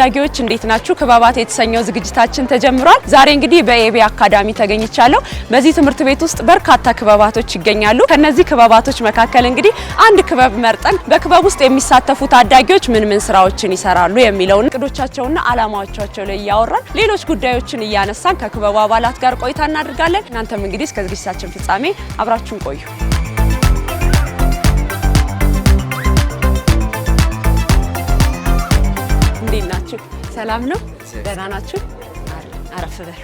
ታዳጊዎች እንዴት ናችሁ? ክበባት የተሰኘው ዝግጅታችን ተጀምሯል። ዛሬ እንግዲህ በኤቤ አካዳሚ ተገኝቻለሁ። በዚህ ትምህርት ቤት ውስጥ በርካታ ክበባቶች ይገኛሉ። ከነዚህ ክበባቶች መካከል እንግዲህ አንድ ክበብ መርጠን በክበብ ውስጥ የሚሳተፉ ታዳጊዎች ምን ምን ስራዎችን ይሰራሉ የሚለውን እቅዶቻቸውና አላማዎቻቸው ላይ እያወራን ሌሎች ጉዳዮችን እያነሳን ከክበቡ አባላት ጋር ቆይታ እናደርጋለን። እናንተም እንግዲህ እስከ ዝግጅታችን ፍጻሜ አብራችሁን ቆዩ። ናችሁ? ሰላም ነው? ደህና ናችሁ? አረፍ በሉ።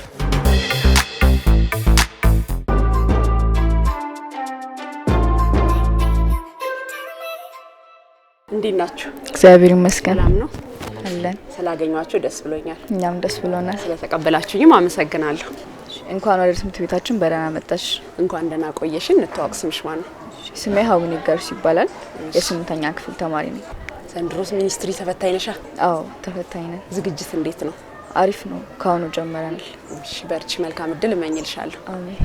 እንዴት ናችሁ? እግዚአብሔር ይመስገን። ሰላም ነው አለን። ስላገኟችሁ ደስ ብሎኛል። እኛም ደስ ብሎናል። ስለተቀበላችሁኝም አመሰግናለሁ። እንኳን ወደ ትምህርት ቤታችን በደህና መጣሽ። እንኳን ደህና ቆየሽ እንተዋወቅ፣ ስምሽ ማን ነው? ስሜ ሀቡኒ ገርሱ ይባላል። የስምንተኛ ክፍል ተማሪ ነው። ዘንድሮስ ሚኒስትሪ ተፈታኝ ነሻ? አዎ ተፈታኝ ነን። ዝግጅት እንዴት ነው? አሪፍ ነው። ከአሁኑ ጀመረናል። እሺ በርቺ፣ መልካም እድል እመኝልሻለሁ። አሜን።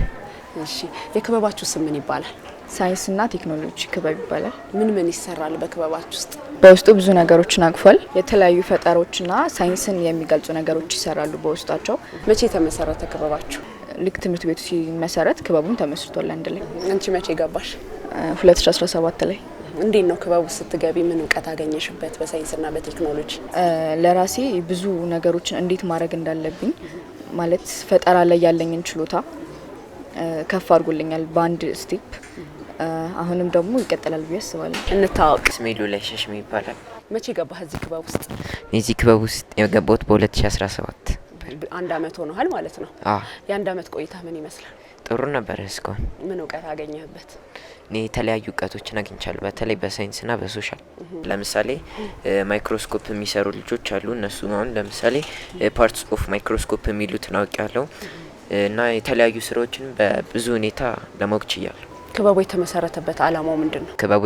እሺ የክበባችሁ ስም ምን ይባላል? ሳይንስና ቴክኖሎጂ ክበብ ይባላል። ምን ምን ይሰራል በክበባችሁ ውስጥ? በውስጡ ብዙ ነገሮችን አቅፏል። የተለያዩ ፈጠሮችና ሳይንስን የሚገልጹ ነገሮች ይሰራሉ በውስጣቸው። መቼ የተመሰረተ ክበባችሁ? ልክ ትምህርት ቤቱ ሲመሰረት ክበቡም ተመስርቷል አንድ ላይ። አንቺ መቼ ገባሽ? 2017 ላይ እንዴት ነው ክበቡ ስትገቢ ምን እውቀት አገኘሽበት በሳይንስና በቴክኖሎጂ? ለራሴ ብዙ ነገሮችን እንዴት ማድረግ እንዳለብኝ ማለት ፈጠራ ላይ ያለኝን ችሎታ ከፍ አድርጎልኛል በአንድ ስቴፕ። አሁንም ደግሞ ይቀጥላል ብዬ አስባለሁ። እንታወቅ። ስሜ ሉላይ ሸሽሜ ይባላል። መቼ ገባህ እዚህ ክበብ ውስጥ? እዚህ ክበብ ውስጥ የገባሁት በ2017 አንድ አመት ሆኗል ማለት ነው። የአንድ አመት ቆይታ ምን ይመስላል? ጥሩ ነበር። እስካሁን ምን እውቀት አገኘህበት? እኔ የተለያዩ እውቀቶችን አግኝቻለሁ፣ በተለይ በሳይንስና በሶሻል። ለምሳሌ ማይክሮስኮፕ የሚሰሩ ልጆች አሉ። እነሱ አሁን ለምሳሌ ፓርትስ ኦፍ ማይክሮስኮፕ የሚሉትን አውቄያለሁ እና የተለያዩ ስራዎችን በብዙ ሁኔታ ለማወቅ ችያለሁ። ክበቡ የተመሰረተበት አላማው ምንድን ነው? ክበቡ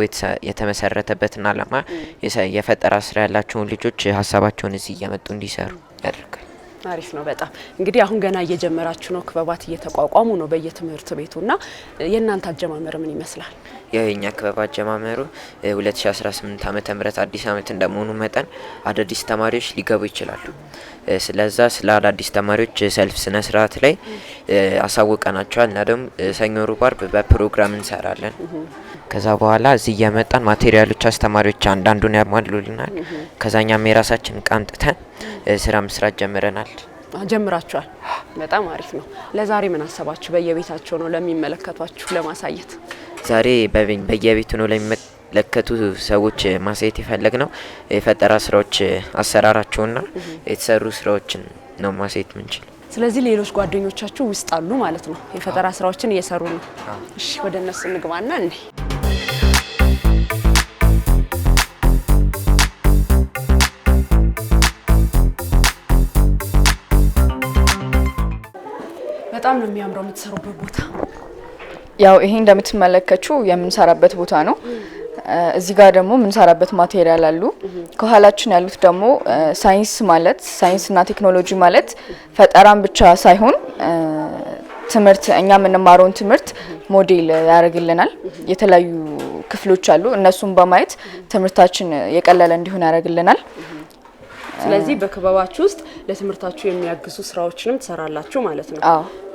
የተመሰረተበትን አላማ የፈጠራ ስራ ያላቸውን ልጆች ሀሳባቸውን እዚህ እየመጡ እንዲሰሩ ያደርጋል። አሪፍ ነው በጣም እንግዲህ አሁን ገና እየጀመራችሁ ነው ክበባት እየተቋቋሙ ነው በየትምህርት ቤቱና የእናንተ አጀማመር ምን ይመስላል የኛ ክበብ አጀማመሩ 2018 ዓመተ ምህረት አዲስ ዓመት እንደመሆኑ መጠን አዳዲስ ተማሪዎች ሊገቡ ይችላሉ። ስለዛ ስለ አዳዲስ ተማሪዎች ሰልፍ ስነ ስርዓት ላይ አሳውቀናቸዋል እና ደግሞ ሰኞ፣ ሮብ፣ አርብ በፕሮግራም እንሰራለን። ከዛ በኋላ እዚህ እየመጣን ማቴሪያሎች አስተማሪዎች አንዳንዱን ያሟሉልናል። ከዛኛም የራሳችን ቃምጥተን ስራ መስራት ጀምረናል። ጀምራችኋል። በጣም አሪፍ ነው። ለዛሬ ምን አሰባችሁ? በየቤታቸው ነው ለሚመለከቷችሁ ለማሳየት ዛሬ በየቤቱ ነው ለሚመለከቱ ሰዎች ማሳየት የፈለግ ነው የፈጠራ ስራዎች አሰራራቸውና የተሰሩ ስራዎችን ነው ማሳየት ምንችል። ስለዚህ ሌሎች ጓደኞቻችሁ ውስጥ አሉ ማለት ነው፣ የፈጠራ ስራዎችን እየሰሩ ነው። እሺ ወደ እነሱ እንግባና እንዴ በጣም ነው የሚያምረው የምትሰሩበት ቦታ ያው ይሄ እንደምትመለከቹ የምንሰራበት ቦታ ነው። እዚህ ጋር ደግሞ የምንሰራበት ማቴሪያል አሉ። ከኋላችን ያሉት ደግሞ ሳይንስ ማለት ሳይንስና ቴክኖሎጂ ማለት ፈጠራን ብቻ ሳይሆን ትምህርት እኛ የምንማረውን ትምህርት ሞዴል ያደርግልናል። የተለያዩ ክፍሎች አሉ። እነሱን በማየት ትምህርታችን የቀለለ እንዲሆን ያደርግልናል። ስለዚህ በክበባችሁ ውስጥ ለትምህርታችሁ የሚያግዙ ስራዎችንም ትሰራላችሁ ማለት ነው።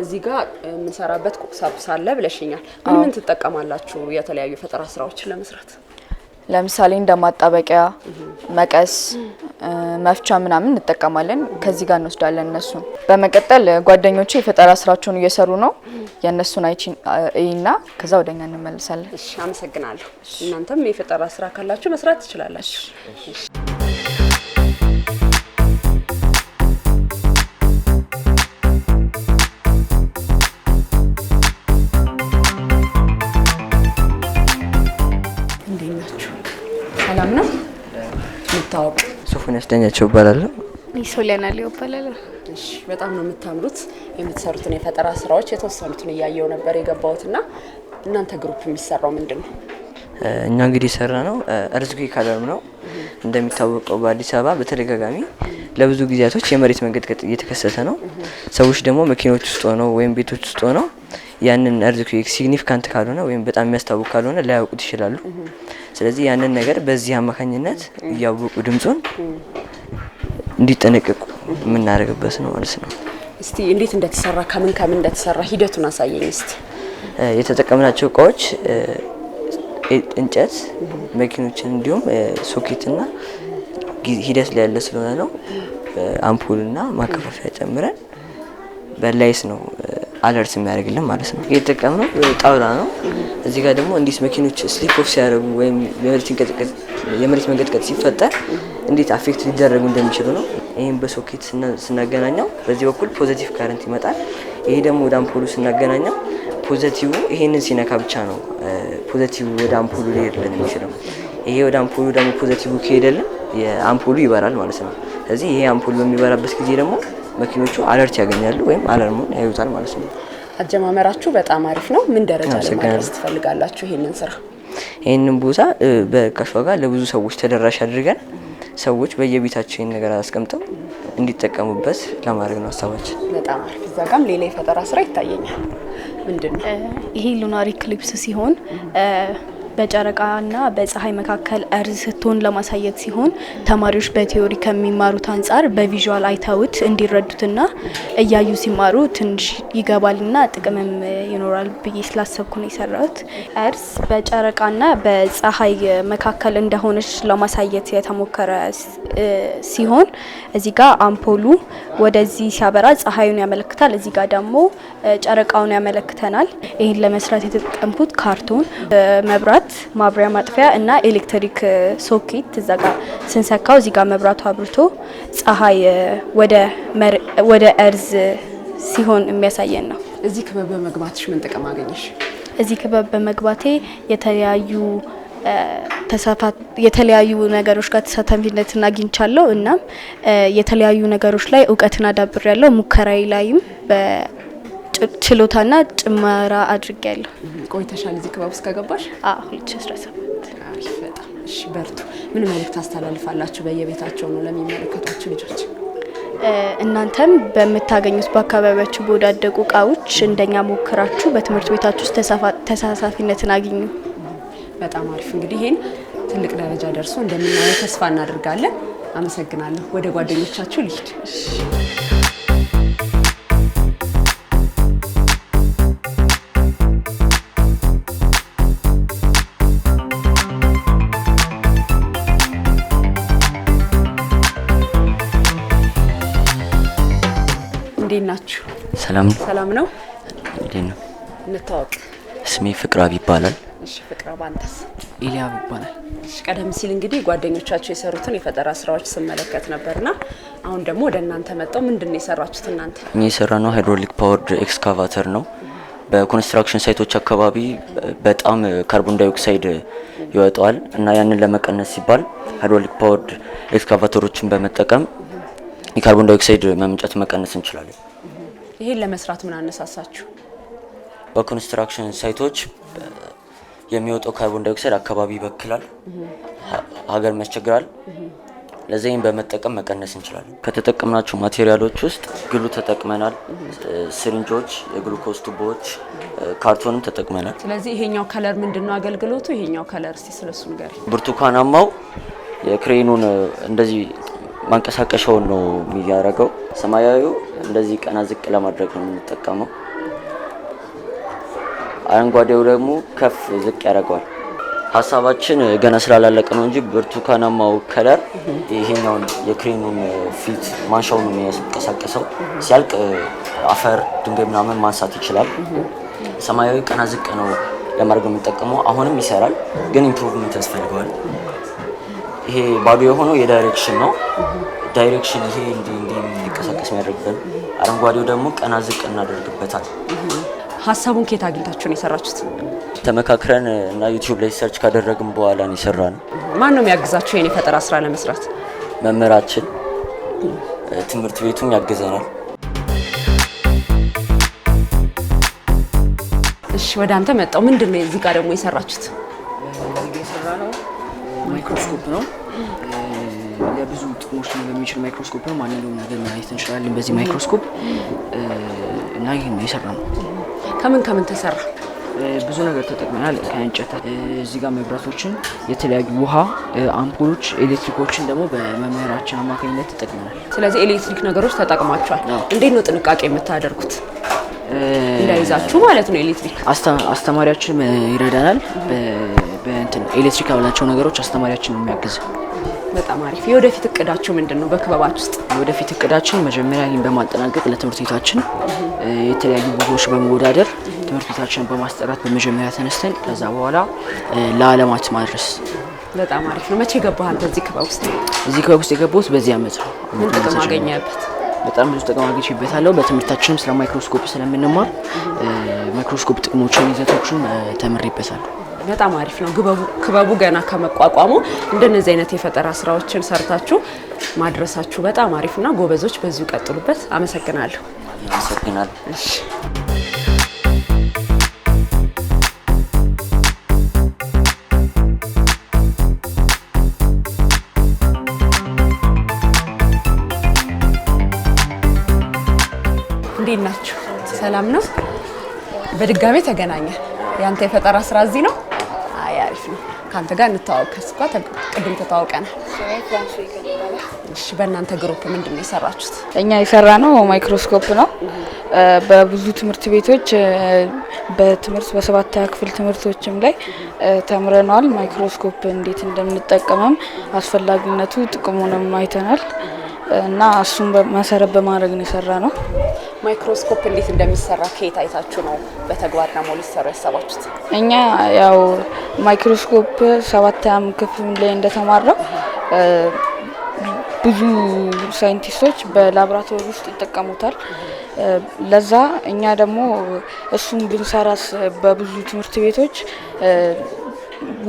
እዚህ ጋር የምንሰራበት ቁሳቁስ አለ ብለሽኛል። ምን ምን ትጠቀማላችሁ የተለያዩ የፈጠራ ስራዎችን ለመስራት? ለምሳሌ እንደ ማጣበቂያ፣ መቀስ፣ መፍቻ ምናምን እንጠቀማለን። ከዚህ ጋር እንወስዳለን እነሱ። በመቀጠል ጓደኞቹ የፈጠራ ስራቸውን እየሰሩ ነው። የእነሱን እይና ከዛ ወደኛ እንመልሳለን። አመሰግናለሁ። እናንተም የፈጠራ ስራ ካላችሁ መስራት ትችላላችሁ። ምን ያስደኛቸው እባላለሁ። ሶሊያና ሊዮ እባላለሁ። እሺ በጣም ነው የምታምሩት። የምትሰሩትን የፈጠራ ስራዎች የተወሰኑትን እያየው ነበር የገባሁትና እናንተ ግሩፕ የሚሰራው ምንድን ነው? እኛ እንግዲህ የሰራ ነው እርዝጌ ካለርም ነው። እንደሚታወቀው በአዲስ አበባ በተደጋጋሚ ለብዙ ጊዜያቶች የመሬት መንቀጥቀጥ እየተከሰተ ነው። ሰዎች ደግሞ መኪኖች ውስጥ ሆነው ወይም ቤቶች ውስጥ ሆነው ያንን እርዝክዌክ ሲግኒፊካንት ካልሆነ ወይም በጣም የሚያስታውቅ ካልሆነ ላያውቁት ይችላሉ። ስለዚህ ያንን ነገር በዚህ አማካኝነት እያወቁ ድምፁን እንዲጠነቀቁ የምናደርግበት ነው ማለት ነው። እስቲ እንዴት እንደተሰራ ከምን ከምን እንደተሰራ ሂደቱን አሳየኝ እስቲ። የተጠቀምናቸው እቃዎች እንጨት፣ መኪኖችን እንዲሁም ሶኬትና ሂደት ላይ ያለ ስለሆነ ነው አምፑልና ማከፋፈያ ጨምረን በላይስ ነው አለርት የሚያደርግልን ማለት ነው። ነው ጣውላ ነው። እዚህ ጋር ደግሞ እንዴት መኪኖች ስሊፕ ኦፍ ሲያደርጉ ወይም የመሬት መንቀጥቀጥ ሲፈጠር እንዴት አፌክት ሊደረጉ እንደሚችሉ ነው። ይህም በሶኬት ስናገናኘው በዚህ በኩል ፖዘቲቭ ካረንት ይመጣል። ይሄ ደግሞ ወደ አምፖሉ ስናገናኘው ፖዘቲቭ ይሄንን ሲነካ ብቻ ነው ፖዘቲቭ ወደ አምፖሉ ሊሄድልን የሚችለው። ይሄ ወደ አምፖሉ ደግሞ ፖዘቲቭ ከሄደልን የአምፖሉ ይበራል ማለት ነው። ስለዚህ ይሄ አምፖሉ በሚበራበት ጊዜ ደግሞ መኪኖቹ አለርት ያገኛሉ ወይም አለርሙን ያዩታል ማለት ነው። አጀማመራችሁ በጣም አሪፍ ነው። ምን ደረጃ ላይ ትፈልጋላችሁ ይህንን ስራ? ይህንን ቦታ በርካሽ ዋጋ ለብዙ ሰዎች ተደራሽ አድርገን ሰዎች በየቤታቸው ይህን ነገር አስቀምጠው እንዲጠቀሙበት ለማድረግ ነው ሀሳባችን። በጣም አሪፍ። እዛ ጋም ሌላ የፈጠራ ስራ ይታየኛል። ምንድን ነው ይሄ? ሉናር ኢክሊፕስ ሲሆን በጨረቃና በፀሐይ መካከል እርዝ ስትሆን ለማሳየት ሲሆን ተማሪዎች በቲዮሪ ከሚማሩት አንጻር በቪዥዋል አይተውት እንዲረዱትና እያዩ ሲማሩ ትንሽ ይገባልና ጥቅምም ይኖራል ብዬ ስላሰብኩ ነው የሰራሁት። እርዝ በጨረቃና በፀሐይ መካከል እንደሆነች ለማሳየት የተሞከረ ሲሆን እዚህ ጋ አምፖሉ ወደዚህ ሲያበራ ፀሐዩን ያመለክታል፣ እዚህ ጋ ደግሞ ጨረቃውን ያመለክተናል። ይህን ለመስራት የተጠቀምኩት ካርቶን መብራት መብራት ማብሪያ ማጥፊያ እና ኤሌክትሪክ ሶኬት እዛ ጋር ስንሰካው እዚህ ጋር መብራቱ አብርቶ ፀሐይ ወደ እርዝ ሲሆን የሚያሳየን ነው። እዚህ ክበብ በመግባትሽ ምን ጥቅም አገኘሽ? እዚህ ክበብ በመግባቴ የተለያዩ የተለያዩ ነገሮች ጋር ተሳታፊነትን አግኝቻለሁ። እናም የተለያዩ ነገሮች ላይ እውቀትን አዳብሬያለሁ። ሙከራዊ ላይም ችሎታና ጭመራ አድርጌያለሁ። ቆይተሻል እዚህ ክበብ ውስጥ ከገባሽ? አዎ 2017። እሺ፣ በርቱ። ምን መልእክት ታስተላልፋላችሁ? በየቤታቸው ነው ለሚመለከታቸው ልጆች። እናንተም በምታገኙት በአካባቢያችሁ በወዳደቁ እቃዎች እንደኛ ሞክራችሁ በትምህርት ቤታችሁ ውስጥ ተሳሳፊነትን አግኙ። በጣም አሪፍ እንግዲህ ይህን ትልቅ ደረጃ ደርሶ እንደምናየው ተስፋ እናደርጋለን። አመሰግናለሁ። ወደ ጓደኞቻችሁ ልሂድ። እንዴት ናችሁ? ሰላም ሰላም ነው። እንዴት ነው? እንታወቅ። ስሜ ፍቅራብ ይባላል። እሺ ፍቅራብ፣ አንተስ? ኤልያብ ይባላል። እሺ ቀደም ሲል እንግዲህ ጓደኞቻችሁ የሰሩትን የፈጠራ ስራዎች ስመለከት ነበርና አሁን ደግሞ ወደ እናንተ መጣው። ምንድን ነው የሰራችሁት እናንተ? እኛ የሰራ ሃይድሮሊክ ፓወርድ ኤክስካቫተር ነው። በኮንስትራክሽን ሳይቶች አካባቢ በጣም ካርቦን ዳይኦክሳይድ ይወጣዋል እና ያንን ለመቀነስ ሲባል ሃይድሮሊክ ፓወርድ ኤክስካቫተሮችን በመጠቀም የካርቦን ዳይኦክሳይድ መምጨት መቀነስ እንችላለን። ይሄን ለመስራት ምን አነሳሳችሁ? በኮንስትራክሽን ሳይቶች የሚወጣው ካርቦን ዳይኦክሳይድ አካባቢ ይበክላል፣ ሀገር ያስቸግራል። ለዚህም በመጠቀም መቀነስ እንችላለን። ከተጠቀምናቸው ማቴሪያሎች ውስጥ ግሉ ተጠቅመናል፣ ስሪንጆች፣ የግሉኮስ ቱቦዎች፣ ካርቶንም ተጠቅመናል። ስለዚህ ይሄኛው ከለር ምንድን ነው አገልግሎቱ? ይሄኛው ከለር እስቲ ስለሱ ብርቱካናማው የክሬኑን እንደዚህ ማንቀሳቀሻውን ነው የሚያደርገው። ሰማያዊው እንደዚህ ቀና ዝቅ ለማድረግ ነው የምንጠቀመው። አረንጓዴው ደግሞ ከፍ ዝቅ ያደርገዋል። ሀሳባችን ገና ስላላለቀ ነው እንጂ ብርቱካናማው ከለር ይሄኛውን የክሬኑን ፊት ማንሻውን ነው ሲያልቅ አፈር፣ ድንጋይ ምናምን ማንሳት ይችላል። ሰማያዊ ቀና ዝቅ ነው ለማድረግ የምንጠቀመው። አሁንም ይሰራል፣ ግን ኢምፕሩቭመንት ያስፈልገዋል። ይሄ ባዶ የሆነው የዳይሬክሽን ነው። ዳይሬክሽን ይሄ እንዲህ እንዲህ እንዲንቀሳቀስ የሚያደርግበት፣ አረንጓዴው ደግሞ ቀና ዝቅ እናደርግበታል። ሀሳቡን ከየት አግኝታችሁ ነው የሰራችሁት? ተመካክረን እና ዩቲዩብ ላይ ሰርች ካደረግን በኋላ ነው የሰራ ማን ነው የሚያግዛችሁ ይህን የፈጠራ ስራ ለመስራት? መምህራችን፣ ትምህርት ቤቱም ያግዘናል። እሺ፣ ወደ አንተ መጣው። ምንድን ነው እዚህ ጋር ደግሞ የሰራችሁት? ማይክሮስኮፕ ነው። ለብዙ ጥቅሞች ነው የሚችል ማይክሮስኮፕ ነው። ማንኛውም ነገር ማየት እንችላለን በዚህ ማይክሮስኮፕ እና ይህ ነው የሰራ ነው። ከምን ከምን ተሰራ? ብዙ ነገር ተጠቅመናል። ከእንጨት እዚህ ጋር መብራቶችን፣ የተለያዩ ውሃ፣ አምፖሎች፣ ኤሌክትሪኮችን ደግሞ በመምህራችን አማካኝነት ተጠቅመናል። ስለዚህ ኤሌክትሪክ ነገሮች ተጠቅማቸዋል። እንዴት ነው ጥንቃቄ የምታደርጉት? እንዳይዛችሁ ማለት ነው። ኤሌክትሪክ አስተማሪያችን ይረዳናል። እንትን ኤሌክትሪክ ያላቸው ነገሮች አስተማሪያችን ነው የሚያግዝ። በጣም አሪፍ። የወደፊት እቅዳችሁ ምንድን ነው? በክበባች ውስጥ የወደፊት እቅዳችን መጀመሪያ ይህን በማጠናቀቅ ለትምህርት ቤታችን የተለያዩ ቦታዎች በመወዳደር ትምህርት ቤታችንን በማስጠራት በመጀመሪያ ተነስተን ከዛ በኋላ ለዓለማት ማድረስ። በጣም አሪፍ ነው። መቼ ገባሃል በዚህ ክበብ ውስጥ? እዚህ ክበብ ውስጥ የገባሁት በዚህ ዓመት ነው። ምን በጣም ብዙ ጥቅም አግኝቼበታለሁ። በትምህርታችንም ስለ ማይክሮስኮፕ ስለምንማር ማይክሮስኮፕ ጥቅሞችን፣ ይዘቶችን ተምሬበታለሁ። በጣም አሪፍ ነው። ክበቡ ገና ከመቋቋሙ እንደነዚህ አይነት የፈጠራ ስራዎችን ሰርታችሁ ማድረሳችሁ በጣም አሪፍ አሪፍና ጎበዞች፣ በዚሁ ቀጥሉበት። አመሰግናለሁ። አመሰግናለሁ። እንዴት ናችሁ? ሰላም ነው። በድጋሜ ተገናኘ ያንተ የፈጠራ ስራ እዚህ ነው። ከአንተ ጋር እንተዋወቅ። ከስኳ ቅድም ተተዋውቀናል። እሺ፣ በእናንተ ግሩፕ ምንድን ነው የሰራችሁት? እኛ የሰራ ነው ማይክሮስኮፕ ነው። በብዙ ትምህርት ቤቶች በትምህርት በሰባተኛ ክፍል ትምህርቶችም ላይ ተምረነዋል። ማይክሮስኮፕ እንዴት እንደምንጠቀመም አስፈላጊነቱ ጥቅሙንም አይተናል እና እሱም መሰረት በማድረግ ነው የሰራ ነው። ማይክሮስኮፕ እንዴት እንደሚሰራ ከየት አይታችሁ ነው በተግባር ደግሞ ሊሰሩ ያሰባችሁት? እኛ ያው ማይክሮስኮፕ ሰባተኛም ክፍል ላይ እንደተማረው ብዙ ሳይንቲስቶች በላብራቶሪ ውስጥ ይጠቀሙታል። ለዛ እኛ ደግሞ እሱም ብንሰራስ በብዙ ትምህርት ቤቶች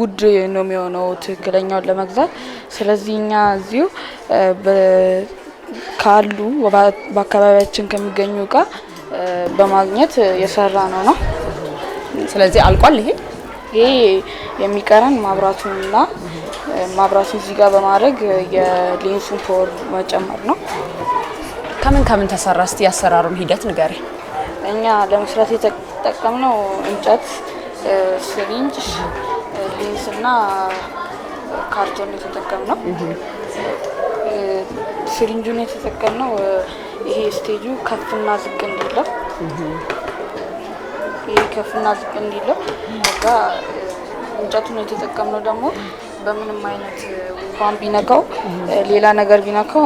ውድ ነው የሚሆነው ትክክለኛውን ለመግዛት። ስለዚህ እኛ እዚሁ ካሉ በአካባቢያችን ከሚገኙ እቃ በማግኘት የሰራ ነው ነው። ስለዚህ አልቋል። ይሄ ይሄ የሚቀረን ማብራቱንና ማብራቱን እዚህ ጋር በማድረግ የሌንሱን ፓወር መጨመር ነው። ከምን ከምን ተሰራ? እስቲ ያሰራሩን ሂደት ንገሪ። እኛ ለመስራት የተጠቀምነው እንጨት፣ ስሪንጅ፣ ሌንስና ካርቶን የተጠቀምነው ስሪንጁን ነው ይሄ ስቴጁ ከፍና ዝቅ እንዲለው ይሄ ከፍና ዝቅ እንዲለው በቃ እንጨቱን የተጠቀምነው ደግሞ በምንም አይነት እንኳን ቢነካው ሌላ ነገር ቢነካው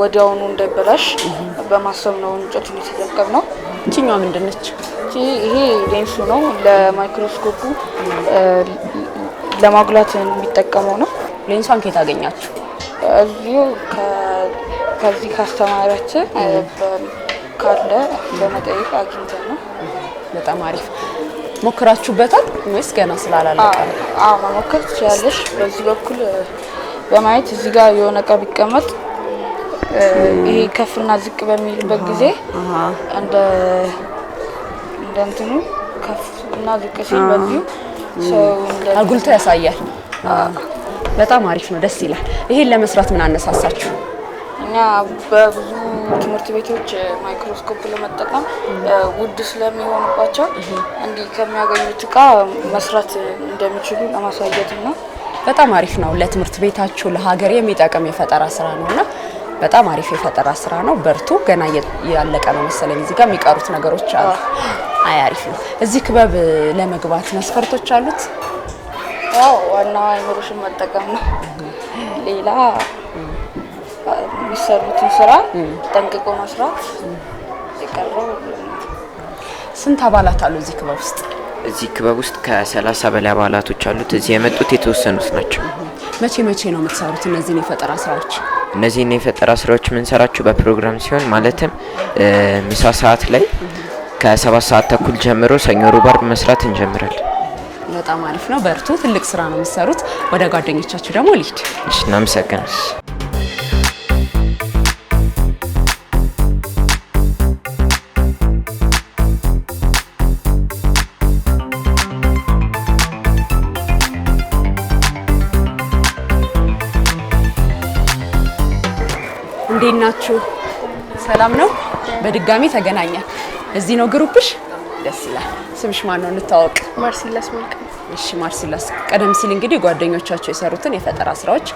ወዲያውኑ እንዳይበላሽ በማሰብ ነው እንጨቱን የተጠቀምነው። ነው። ምንድን ነች? ይሄ ሌንሱ ነው። ለማይክሮስኮፑ ለማጉላት የሚጠቀመው ነው። ሌንሷን ከየት አገኛችሁ? እዚሁ ከዚህ ካስተማሪያችን ካለ በመጠየቅ አግኝተ ነው። በጣም አሪፍ ሞክራችሁበታል ወይስ ገና ስላላለቀ? አዎ መሞከር ትችላለሽ። በዚህ በኩል በማየት እዚህ ጋር የሆነ እቃ ቢቀመጥ ይሄ ከፍና ዝቅ በሚልበት ጊዜ እንደ እንደንትኑ ከፍና ዝቅ ሲል በዚሁ አጉልቶ ያሳያል። በጣም አሪፍ ነው፣ ደስ ይላል። ይሄን ለመስራት ምን አነሳሳችሁ? እኛ በብዙ ትምህርት ቤቶች ማይክሮስኮፕ ለመጠቀም ውድ ስለሚሆኑባቸው እንዲህ ከሚያገኙት እቃ መስራት እንደሚችሉ ለማሳየት ነው። በጣም አሪፍ ነው። ለትምህርት ቤታችሁ ለሀገር የሚጠቅም የፈጠራ ስራ ነው እና በጣም አሪፍ የፈጠራ ስራ ነው። በርቱ። ገና ያለቀ ነው መሰለኝ። እዚህ ጋር የሚቀሩት ነገሮች አሉ። አይ አሪፍ ነው። እዚህ ክበብ ለመግባት መስፈርቶች አሉት? ያው ዋናው አይምሮሽን መጠቀም ነው። ሌላ የሚሰሩትን ስራ ጠንቅቆ መስራት የቀረው። ስንት አባላት አሉ እዚህ ክበብ ውስጥ? እዚህ ክበብ ውስጥ ከሰላሳ በላይ አባላቶች አሉት። እዚህ የመጡት የተወሰኑት ናቸው። መቼ መቼ ነው የምትሰሩት እነዚህን የፈጠራ ስራዎች? እነዚህን የፈጠራ ስራዎች የምንሰራቸው በፕሮግራም ሲሆን ማለትም ምሳ ሰዓት ላይ ከሰባት ሰዓት ተኩል ጀምሮ ሰኞ፣ ሮብ፣ አርብ መስራት እንጀምራለን። በጣም አሪፍ ነው። በርቱ። ትልቅ ስራ ነው የምትሰሩት። ወደ ጓደኞቻችሁ ደግሞ ልሂድ። እናመሰግናል። እንዴት ናችሁ? ሰላም ነው። በድጋሚ ተገናኘን። እዚህ ነው ግሩፕሽ? ደስ ይላል። ስምሽ ማን ነው? እንታወቅ። ማርሲላስ መልካም። እሺ ማርሲላስ፣ ቀደም ሲል እንግዲህ ጓደኞቻቸው የሰሩትን የፈጠራ ስራዎች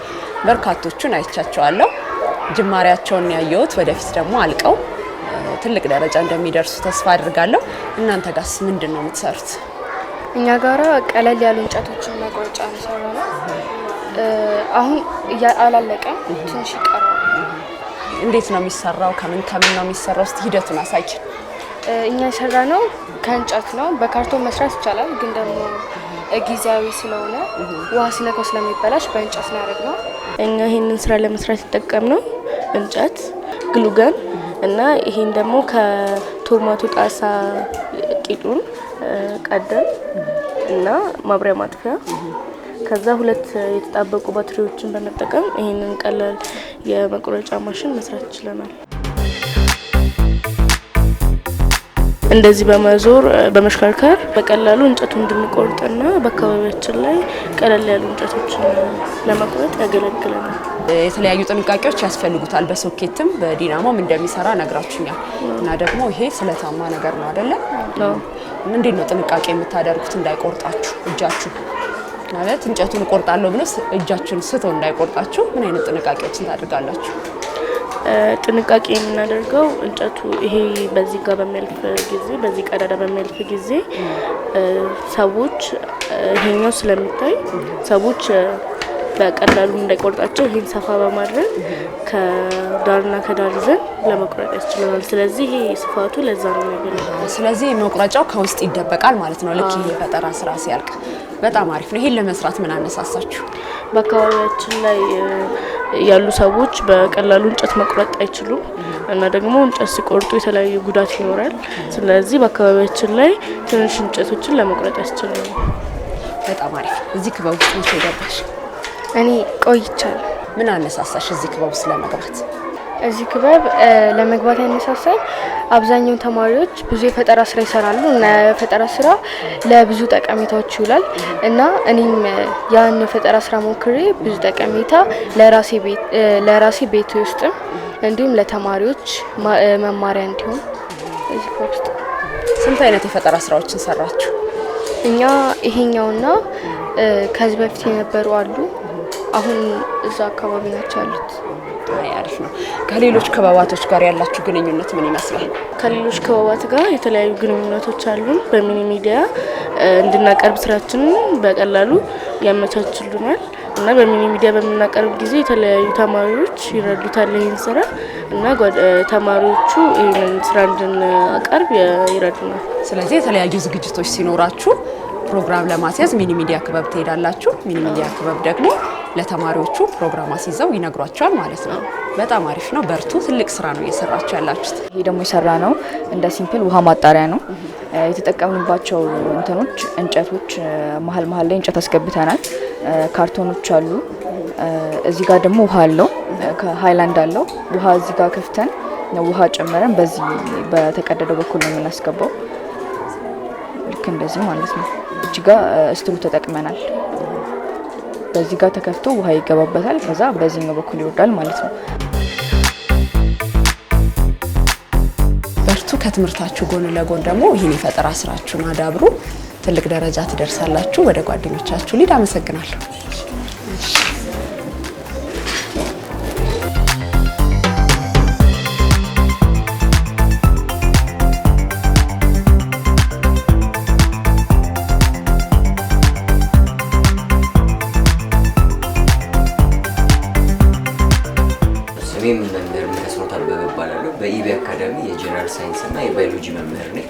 በርካቶቹን አይቻቸዋለሁ። ጅማሬያቸውን ያየሁት ወደፊት ደግሞ አልቀው ትልቅ ደረጃ እንደሚደርሱ ተስፋ አድርጋለሁ። እናንተ ጋስ ምንድን ነው የምትሰሩት? እኛ ጋራ ቀለል ያሉ እንጨቶችን መቆጫ ሰራ ነው። አሁን አላለቀም፣ ትንሽ ይቀራል። እንዴት ነው የሚሰራው? ከምን ከምን ነው የሚሰራው? እስቲ ሂደቱን አሳይን። እኛ የሰራ ነው ከእንጨት ነው። በካርቶን መስራት ይቻላል፣ ግን ደግሞ ጊዜያዊ ስለሆነ ውሃ ሲነካው ስለሚበላሽ በእንጨት ነው ነው። እኛ ይህንን ስራ ለመስራት ይጠቀም ነው። እንጨት፣ ግሉገን እና ይሄን ደግሞ ከቶማቱ ጣሳ ቂጡን ቀደን እና ማብሪያ ማጥፊያ ከዛ ሁለት የተጣበቁ ባትሪዎችን በመጠቀም ይህንን ቀላል የመቁረጫ ማሽን መስራት ችለናል። እንደዚህ በመዞር በመሽከርከር በቀላሉ እንጨቱ እንድንቆርጥና በአካባቢያችን ላይ ቀለል ያሉ እንጨቶችን ለመቁረጥ ያገለግለናል። የተለያዩ ጥንቃቄዎች ያስፈልጉታል። በሶኬትም በዲናሞም እንደሚሰራ ነግራችሁኛል። እና ደግሞ ይሄ ስለታማ ነገር ነው አይደለም? እንዴት ነው ጥንቃቄ የምታደርጉት እንዳይቆርጣችሁ እጃችሁ ማለት እንጨቱን እቆርጣለሁ ብሎ እጃችን ስቶ እንዳይቆርጣችሁ ምን አይነት ጥንቃቄዎችን ታደርጋላችሁ? ጥንቃቄ የምናደርገው እንጨቱ ይሄ በዚህ ጋር በሚያልፍ ጊዜ በዚህ ቀዳዳ በሚያልፍ ጊዜ ሰዎች ይሄኛው ስለሚታይ ሰዎች በቀላሉ እንዳይቆርጣቸው ይህን ሰፋ በማድረግ ከዳርና ከዳር ዘን ለመቁረጥ ያስችለናል። ስለዚህ ይሄ ስፋቱ ለዛ ነው ነገር። ስለዚህ መቁረጫው ከውስጥ ይደበቃል ማለት ነው፣ ልክ ይሄ ፈጠራ ስራ ሲያልቅ። በጣም አሪፍ ነው። ይሄን ለመስራት ምን አነሳሳችሁ? በአካባቢያችን ላይ ያሉ ሰዎች በቀላሉ እንጨት መቁረጥ አይችሉም እና ደግሞ እንጨት ሲቆርጡ የተለያዩ ጉዳት ይኖራል። ስለዚህ በአካባቢያችን ላይ ትንሽ እንጨቶችን ለመቁረጥ ያስችላሉ። በጣም አሪፍ። እዚህ ክበብ ውስጥ መቼ ገባሽ? እኔ ቆይቻለሁ። ምን አነሳሳሽ እዚህ ክበብ ውስጥ ለመግባት? እዚህ ክበብ ለመግባት ያነሳሳኝ አብዛኛው ተማሪዎች ብዙ የፈጠራ ስራ ይሰራሉ እና የፈጠራ ስራ ለብዙ ጠቀሜታዎች ይውላል እና እኔም ያን የፈጠራ ስራ ሞክሬ ብዙ ጠቀሜታ ለራሴ ቤት ውስጥም እንዲሁም ለተማሪዎች መማሪያ እንዲሆን እዚህ ክበብ ውስጥ። ስንት አይነት የፈጠራ ስራዎችን ሰራችሁ? እኛ ይሄኛውና ከዚህ በፊት የነበሩ አሉ። አሁን እዛ አካባቢ ናቸው ያሉት። አሪፍ ነው። ከሌሎች ክበባቶች ጋር ያላችሁ ግንኙነት ምን ይመስላል? ከሌሎች ክበባት ጋር የተለያዩ ግንኙነቶች አሉን። በሚኒ ሚዲያ እንድናቀርብ ስራችንን በቀላሉ ያመቻችሉናል እና በሚኒ ሚዲያ በምናቀርብ ጊዜ የተለያዩ ተማሪዎች ይረዱታል ይህን ስራ እና ተማሪዎቹ ይህንን ስራ እንድናቀርብ ይረዱናል። ስለዚህ የተለያዩ ዝግጅቶች ሲኖራችሁ ፕሮግራም ለማስያዝ ሚኒ ሚዲያ ክበብ ትሄዳላችሁ። ሚኒ ሚዲያ ክበብ ደግሞ ለተማሪዎቹ ፕሮግራም አስይዘው ይነግሯቸዋል ማለት ነው። በጣም አሪፍ ነው። በርቱ። ትልቅ ስራ ነው እየሰራችሁ ያላችሁት። ይሄ ደግሞ የሰራ ነው እንደ ሲምፕል ውሃ ማጣሪያ ነው የተጠቀምንባቸው እንትኖች እንጨቶች፣ መሀል መሀል ላይ እንጨት አስገብተናል። ካርቶኖች አሉ። እዚህ ጋር ደግሞ ውሃ አለው፣ ሃይላንድ አለው። ውሃ እዚህ ጋር ከፍተን ውሃ ጨመረን በዚህ በተቀደደው በኩል ነው የምናስገባው። ልክ እንደዚህ ማለት ነው። እጅ ጋር ተጠቅመናል። በዚህ ጋር ተከፍቶ ውሃ ይገባበታል። ከዛ በዚህኛው በኩል ይወርዳል ማለት ነው። በርቱ። ከትምህርታችሁ ጎን ለጎን ደግሞ ይህን የፈጠራ ስራችሁን አዳብሩ። ትልቅ ደረጃ ትደርሳላችሁ። ወደ ጓደኞቻችሁ ሊድ። አመሰግናለሁ። መምህር ነኝ።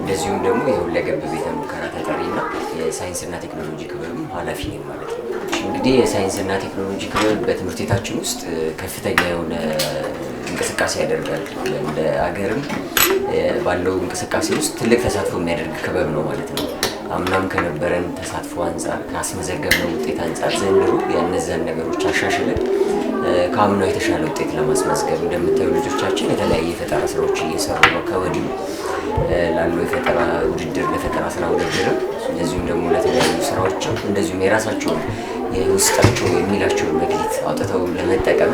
እንደዚሁም ደግሞ የሁለገብ ቤተ ሙከራ ተጠሪና የሳይንስና ቴክኖሎጂ ክበብም ኃላፊ ነኝ ማለት ነው። እንግዲህ የሳይንስና ቴክኖሎጂ ክበብ በትምህርት ቤታችን ውስጥ ከፍተኛ የሆነ እንቅስቃሴ ያደርጋል። እንደ ሀገርም ባለው እንቅስቃሴ ውስጥ ትልቅ ተሳትፎ የሚያደርግ ክበብ ነው ማለት ነው። አምናም ከነበረን ተሳትፎ አንጻር ካስመዘገብነው ውጤት አንጻር ዘንድሮ ያነዛን ነገሮች አሻሽለን ከአምናው የተሻለ ውጤት ለማስመዝገብ እንደምታዩ ልጆቻችን የተለያየ የፈጠራ ስራዎች እየሰሩ ነው ከወዲሁ ላሉ የፈጠራ ውድድር ለፈጠራ ስራ ውድድርም እንደዚሁም ደግሞ ለተለያዩ ስራዎችም እንደዚሁም የራሳቸውን የውስጣቸው የሚላቸውን መክሊት አውጥተው ለመጠቀም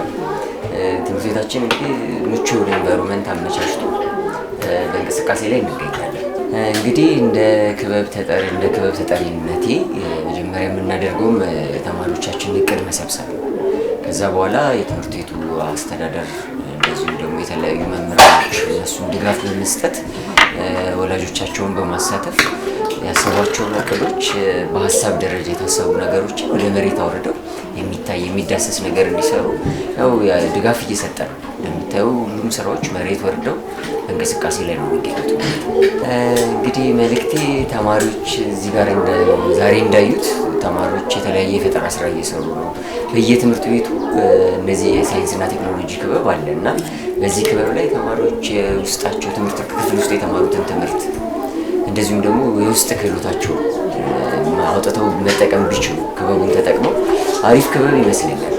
ትምህርት ቤታችን እንግዲህ ምቹ የሆነ አመቻችቶ በእንቅስቃሴ ላይ እንገኛለን። እንግዲህ እንደ ክበብ ተጠሪ እንደ ክበብ ተጠሪነቴ መጀመሪያ የምናደርገውም ተማሪዎቻችን እቅድ መሰብሰብ ነው። ከዛ በኋላ የትምህርት ቤቱ አስተዳደር እንደዚሁም ደግሞ የተለያዩ መምህራኖች እነሱን ድጋፍ በመስጠት ወላጆቻቸውን በማሳተፍ ያሰቧቸውን እቅዶች በሀሳብ ደረጃ የታሰቡ ነገሮችን ወደ መሬት አውርደው የሚታይ የሚዳሰስ ነገር እንዲሰሩ ያው ድጋፍ እየሰጠ ነው። እንደምታዩ ሁሉም ስራዎች መሬት ወርደው እንቅስቃሴ ላይ ነው የሚገኙት። እንግዲህ መልእክቴ ተማሪዎች እዚህ ጋር ዛሬ እንዳዩት ተማሪዎች የተለያየ የፈጠራ ስራ እየሰሩ ነው። በየትምህርት ቤቱ እነዚህ የሳይንስና ቴክኖሎጂ ክበብ አለ እና በዚህ ክበብ ላይ ተማሪዎች የውስጣቸው ትምህርት ክፍል ውስጥ የተማሩትን ትምህርት እንደዚሁም ደግሞ የውስጥ ክህሎታቸው አውጥተው መጠቀም ቢችሉ ክበቡን ተጠቅመው አሪፍ ክበብ ይመስለኛል።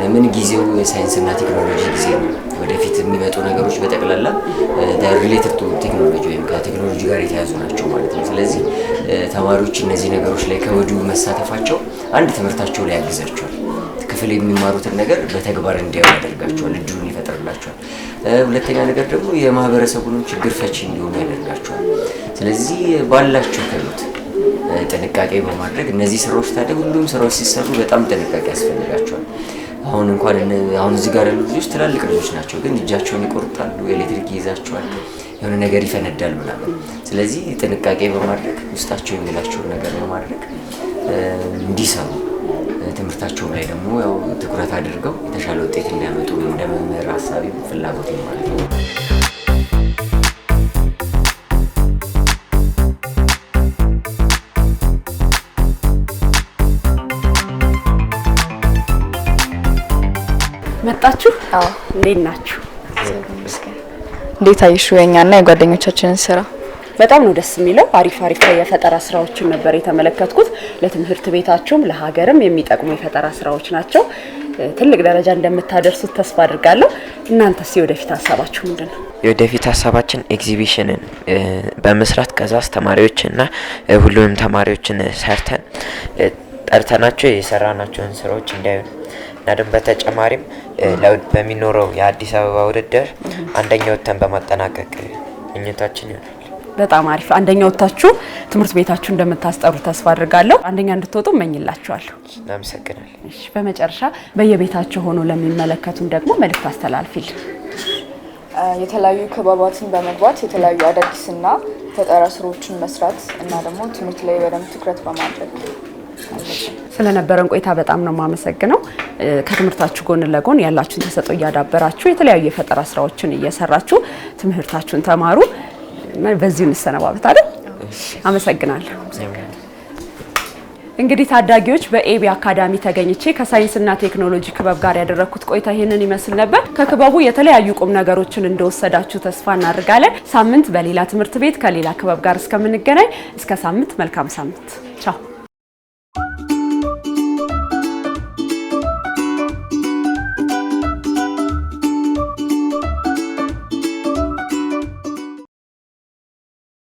ለምን ጊዜው የሳይንስና ቴክኖሎጂ ጊዜ ነው። ወደፊት የሚመጡ ነገሮች በጠቅላላ ሪሌትድ ቱ ቴክኖሎጂ ወይም ከቴክኖሎጂ ጋር የተያዙ ናቸው ማለት ነው። ስለዚህ ተማሪዎች እነዚህ ነገሮች ላይ ከወዲሁ መሳተፋቸው አንድ ትምህርታቸው ላይ ያግዛቸዋል። ክፍል የሚማሩትን ነገር በተግባር እንዲያው ያደርጋቸዋል፣ እድሉን ይፈጥርላቸዋል። ሁለተኛ ነገር ደግሞ የማህበረሰቡን ችግር ፈቺ እንዲሆኑ ያደርጋቸዋል። ስለዚህ ባላቸው ከሉት ጥንቃቄ በማድረግ እነዚህ ስራዎች ታዲያ ሁሉም ስራዎች ሲሰሩ በጣም ጥንቃቄ ያስፈልጋቸዋል። አሁን እንኳን አሁን እዚህ ጋር ያሉ ልጆች ትላልቅ ልጆች ናቸው፣ ግን እጃቸውን ይቆርጣሉ፣ ኤሌክትሪክ ይይዛቸዋል፣ የሆነ ነገር ይፈነዳል ምናምን። ስለዚህ ጥንቃቄ በማድረግ ውስጣቸው የሚላቸውን ነገር በማድረግ እንዲሰሩ ትምህርታቸው ላይ ደግሞ ያው ትኩረት አድርገው የተሻለ ውጤት እንዲያመጡ ወይም እንደ መምህር ሀሳቢ ፍላጎት ማለት ነው። መጣችሁ። እንዴት ናችሁ? እንዴት አይሹ የኛና የጓደኞቻችንን ስራ? በጣም ነው ደስ የሚለው። አሪፍ አሪፍ የፈጠራ ስራዎችን ነበር የተመለከትኩት። ለትምህርት ቤታችሁም ለሀገርም የሚጠቅሙ የፈጠራ ስራዎች ናቸው። ትልቅ ደረጃ እንደምታደርሱት ተስፋ አድርጋለሁ። እናንተስ የወደፊት ሀሳባችሁ ምንድን ነው? የወደፊት ሀሳባችን ኤግዚቢሽንን በመስራት ከዛስ ተማሪዎችና ሁሉንም ተማሪዎችን ሰርተን ጠርተናቸው የሰራናቸውን ስራዎች እንዲያዩ እና ደግሞ በተጨማሪም በሚኖረው የአዲስ አበባ ውድድር አንደኛ ወጥተን በማጠናቀቅ ምኞታችን ይሆናል። በጣም አሪፍ። አንደኛ ወጥታችሁ ትምህርት ቤታችሁ እንደምታስጠሩ ተስፋ አድርጋለሁ። አንደኛ እንድትወጡ እመኝላችኋለሁ። እናመሰግናለን። በመጨረሻ በየቤታቸው ሆኖ ለሚመለከቱን ደግሞ መልእክት አስተላልፊል። የተለያዩ ክበባትን በመግባት የተለያዩ አዳዲስና ፈጠራ ስራዎችን መስራት እና ደግሞ ትምህርት ላይ በደንብ ትኩረት በማድረግ ስለነበረን ቆይታ በጣም ነው የማመሰግነው። ከትምህርታችሁ ጎን ለጎን ያላችሁን ተሰጥኦ እያዳበራችሁ የተለያዩ የፈጠራ ስራዎችን እየሰራችሁ ትምህርታችሁን ተማሩ። በዚህ እንሰነባበት አይደል? አመሰግናለሁ። እንግዲህ ታዳጊዎች በኤቢ አካዳሚ ተገኝቼ ከሳይንስና ቴክኖሎጂ ክበብ ጋር ያደረግኩት ቆይታ ይህንን ይመስል ነበር። ከክበቡ የተለያዩ ቁም ነገሮችን እንደወሰዳችሁ ተስፋ እናደርጋለን። ሳምንት በሌላ ትምህርት ቤት ከሌላ ክበብ ጋር እስከምንገናኝ፣ እስከ ሳምንት መልካም ሳምንት። ቻው